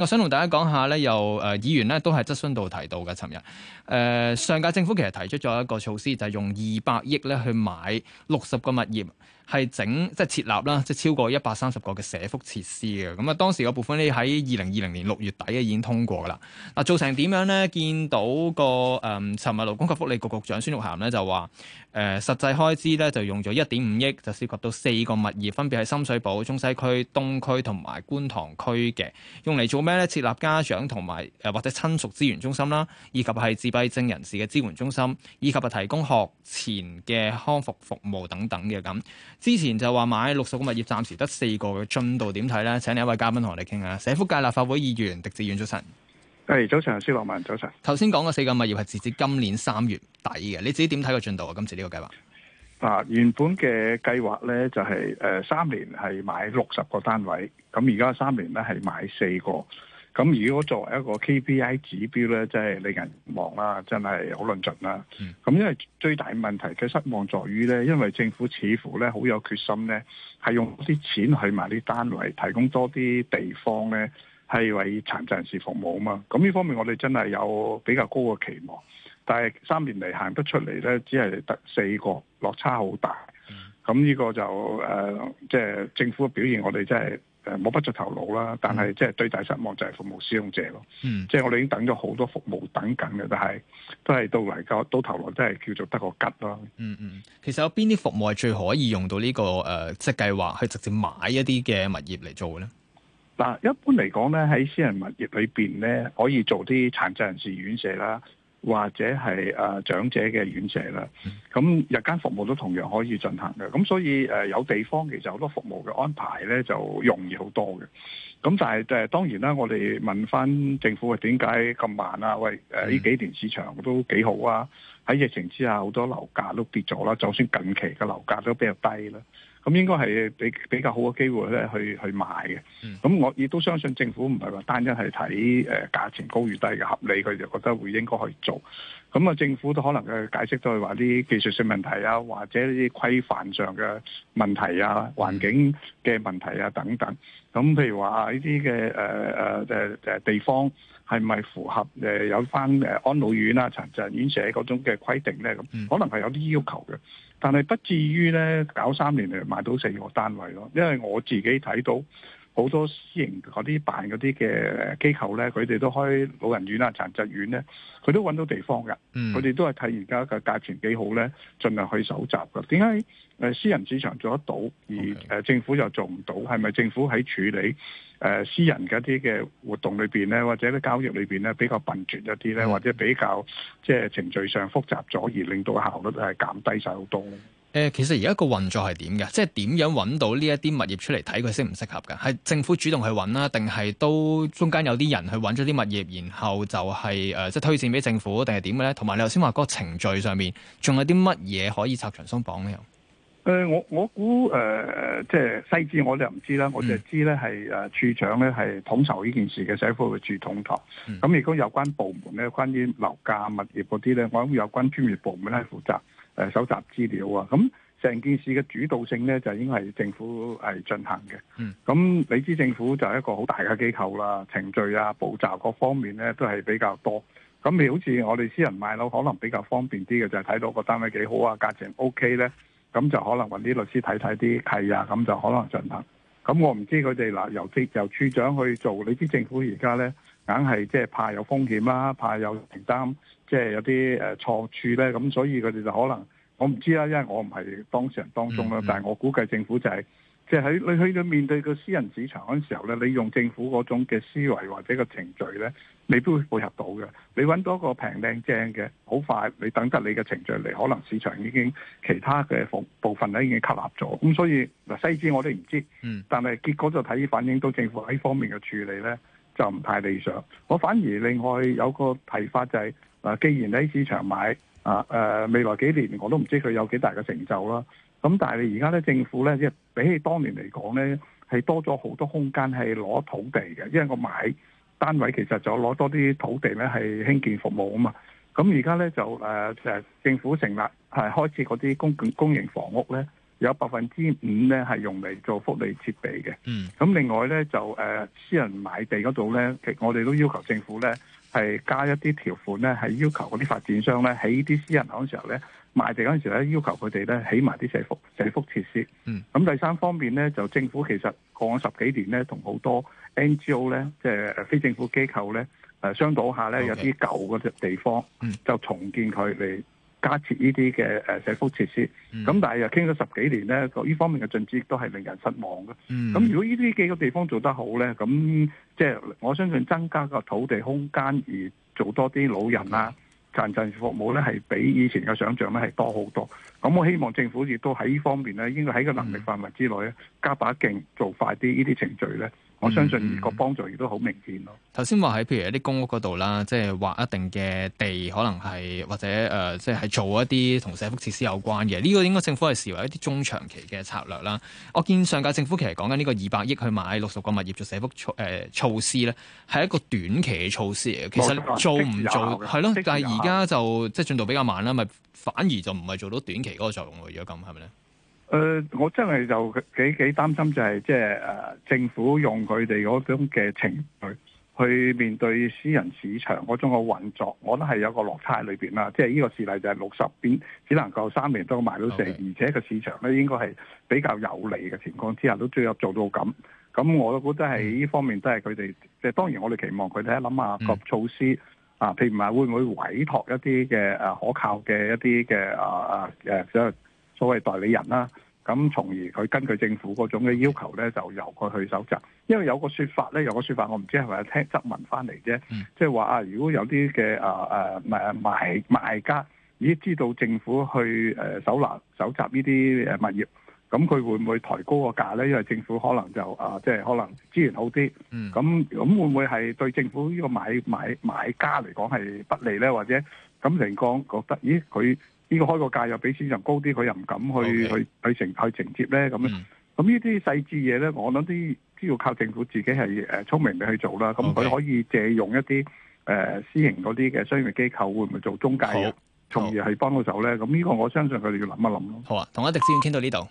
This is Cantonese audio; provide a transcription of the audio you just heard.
我想同大家講下咧，由誒、呃、議員咧都係質詢到提到嘅，尋日誒上屆政府其實提出咗一個措施，就係、是、用二百億咧去買六十個物業。係整即係設立啦，即係超過一百三十個嘅社福設施嘅。咁啊，當時個部分呢，喺二零二零年六月底啊已經通過㗎啦。嗱，做成點樣咧？見到個誒，尋日勞工及福利局局長孫玉菡咧就話誒、呃，實際開支咧就用咗一點五億，就涉及到四個物業，分別係深水埗、中西區、東區同埋觀塘區嘅，用嚟做咩咧？設立家長同埋誒或者親屬資源中心啦，以及係自閉症人士嘅支援中心，以及係提供學前嘅康復服務等等嘅咁。之前就話買六十個物業，暫時得四個嘅進度點睇咧？請另一位嘉賓同我哋傾下。社福界立法會議員狄志遠，hey, 早晨。係早晨，薛樂文早晨。頭先講嘅四個物業係截至今年三月底嘅，你自己點睇個進度啊？今次呢個計劃？啊，原本嘅計劃咧就係誒三年係買六十個單位，咁而家三年咧係買四個。咁如果作為一個 KPI 指標咧，真係令人望啦，真係好論盡啦。咁、mm. 因為最大問題嘅失望在於咧，因為政府似乎咧好有決心咧，係用啲錢去買啲單位，提供多啲地方咧，係為殘疾人士服務啊嘛。咁呢方面我哋真係有比較高嘅期望，但係三年嚟行得出嚟咧，只係得四個，落差好大。咁、mm. 呢個就誒，即、呃、係、就是、政府嘅表現，我哋真係。冇不著頭腦啦，但係即係最大失望就係服務使用者咯，即、嗯、係我哋已經等咗好多服務等緊嘅，但係都係到嚟到頭來都係叫做得個吉咯。嗯嗯，其實有邊啲服務係最可以用到呢、這個誒即係計劃去直接買一啲嘅物業嚟做咧？嗱，一般嚟講咧喺私人物業裏邊咧，可以做啲殘疾人士院舍啦。或者係誒、呃、長者嘅院舍啦，咁日間服務都同樣可以進行嘅，咁所以誒、呃、有地方其實好多服務嘅安排咧就容易好多嘅，咁但係誒、呃、當然啦，我哋問翻政府係點解咁慢啊？喂誒呢、啊、幾年市場都幾好啊，喺疫情之下好多樓價都跌咗啦，就算近期嘅樓價都比較低啦。咁應該係比比較好嘅機會咧，去去買嘅。咁、嗯、我亦都相信政府唔係話單一係睇價錢高與低嘅合理，佢就覺得會應該去做。咁啊，政府都可能嘅解釋都係話啲技術性問題啊，或者啲規範上嘅問題啊、環境嘅問題啊、嗯、等等。咁譬如話呢啲嘅誒地方係咪符合有關安老院啊、殘疾院舍嗰種嘅規定咧？咁、嗯、可能係有啲要求嘅。但係不至於咧，搞三年嚟買到四個單位咯，因為我自己睇到。好多私營嗰啲辦嗰啲嘅機構咧，佢哋都開老人院啊、殘疾院咧，佢都揾到地方嘅。嗯，佢哋都係睇而家嘅價錢幾好咧，盡量去搜集嘅。點解誒私人市場做得到，而誒政府又做唔到？係、okay. 咪政府喺處理誒私人嗰啲嘅活動裏邊咧，或者啲交易裏邊咧比較笨拙一啲咧、嗯，或者比較即係、就是、程序上複雜咗，而令到效率係減低晒好多咧？誒，其實而家個運作係點嘅？即係點樣揾到呢一啲物業出嚟睇佢適唔適合嘅？係政府主動去揾啦，定係都中間有啲人去揾咗啲物業，然後就係、是、誒、呃，即係推薦俾政府，定係點嘅咧？同埋你頭先話嗰個程序上面，仲有啲乜嘢可以拆牆鬆綁咧？誒、呃，我我估誒、呃，即係細節，我哋唔知啦。我淨係知咧係誒，處長咧係統籌呢件事嘅，社福嘅處統籌。咁如果有關部門咧，關於樓價、物業嗰啲咧，我諗有關專業部門咧係負責。誒蒐集資料啊，咁成件事嘅主導性呢，就應該係政府係進行嘅。嗯，咁你知政府就係一個好大嘅機構啦，程序啊、步驟各方面呢都係比較多。咁你好似我哋私人買樓可能比較方便啲嘅，就係、是、睇到個單位幾好啊，價錢 OK 呢，咁就可能揾啲律師睇睇啲契啊，咁就可能進行。咁我唔知佢哋嗱由非由處長去做，你知政府而家呢。硬係即係怕有風險啦，怕有承擔，即係有啲誒錯處咧。咁所以佢哋就可能，我唔知啦，因為我唔係當事人當中啦、嗯嗯。但係我估計政府就係，即係喺你去到面對個私人市場嗰陣時候咧，你用政府嗰種嘅思維或者個程序咧，你都會配合到嘅。你揾到一個平靚正嘅，好快你等得你嘅程序嚟，可能市場已經其他嘅部部分咧已經吸納咗。咁所以嗱，細節我都唔知，嗯，但係結果就睇反映到政府喺呢方面嘅處理咧。就唔太理想，我反而另外有個提法就係、是，啊，既然喺市場買，啊，誒、啊，未來幾年我都唔知佢有幾大嘅成就啦。咁、啊、但係你而家咧，政府咧，即係比起當年嚟講咧，係多咗好多空間係攞土地嘅，因為我買單位其實就攞多啲土地咧係興建服務啊嘛。咁而家咧就誒誒、啊，政府成立係開設嗰啲公公營房屋咧。有百分之五咧係用嚟做福利設備嘅，咁、嗯、另外咧就誒、呃、私人買地嗰度咧，其實我哋都要求政府咧係加一啲條款咧，係要求嗰啲發展商咧喺啲私人行嘅時候咧賣地嗰陣時咧，要求佢哋咧起埋啲社福社福設施。咁、嗯、第三方面咧就政府其實過往十幾年咧，同好多 NGO 咧，即、就、係、是、非政府機構咧、呃，商討下咧，有啲舊嘅地方、嗯、就重建佢哋。加設呢啲嘅社福設施，咁、嗯、但係又傾咗十幾年咧，呢方面嘅進展亦都係令人失望嘅。咁、嗯、如果呢啲幾個地方做得好咧，咁即係我相信增加個土地空間而做多啲老人啊殘疾服務咧，係比以前嘅想象咧係多好多。咁我希望政府亦都喺呢方面咧，應該喺個能力範圍之內咧，加把勁做快啲呢啲程序咧。我相信個幫助亦都好明顯咯、嗯。頭先話喺譬如一啲公屋嗰度啦，即係劃一定嘅地，可能係或者即係、呃就是、做一啲同社福設施有關嘅。呢、這個應該政府係視為一啲中長期嘅策略啦。我見上屆政府其實講緊呢個二百億去買六十個物業做社福措誒、呃、措施咧，係一個短期嘅措施。其實做唔做係咯，但係而家就即係、就是、進度比較慢啦，咪反而就唔係做到短期嗰個作用咯。如果咁係咪咧？誒、呃，我真係就幾幾擔心、就是，就係即係誒政府用佢哋嗰種嘅程序去面對私人市場嗰種嘅運作，我覺得係有個落差裏面啦。即係呢個事例就係六十點，只能夠三年都賣到四、okay.，而且個市場咧應該係比較有利嘅情況之下，都最有做到咁。咁我都覺得喺呢方面都係佢哋，即、mm. 係當然我哋期望佢哋一諗下個措施、mm. 啊，譬如話會唔會委託一啲嘅誒可靠嘅一啲嘅啊，啊所謂代理人啦，咁從而佢根據政府嗰種嘅要求咧，就由佢去搜集。因為有個說法咧，有個說法，我唔知係咪聽質問翻嚟啫，即係話啊，如果有啲嘅啊賣賣賣家，咦，知道政府去誒、啊、搜拿蒐集呢啲物業，咁佢會唔會抬高個價咧？因為政府可能就啊，即、就、係、是、可能資源好啲，咁、嗯、咁會唔會係對政府呢個買買買家嚟講係不利咧？或者咁情況覺得咦，佢？呢個開個價又比市場高啲，佢又唔敢去、okay. 去去承去承接咧，咁咁呢啲細緻嘢咧，我諗啲都要靠政府自己係誒聰明地去做啦。咁、okay. 佢可以借用一啲誒、呃、私營嗰啲嘅商業機構，會唔會做中介嘅，從而係幫到手咧？咁呢個我相信佢哋要諗一諗咯。好啊，同狄志遠傾到呢度。